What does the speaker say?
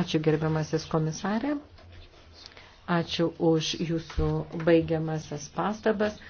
Ačiū gerbiamasis komisarė. Ačiū už jūsų baigiamasias pastabas.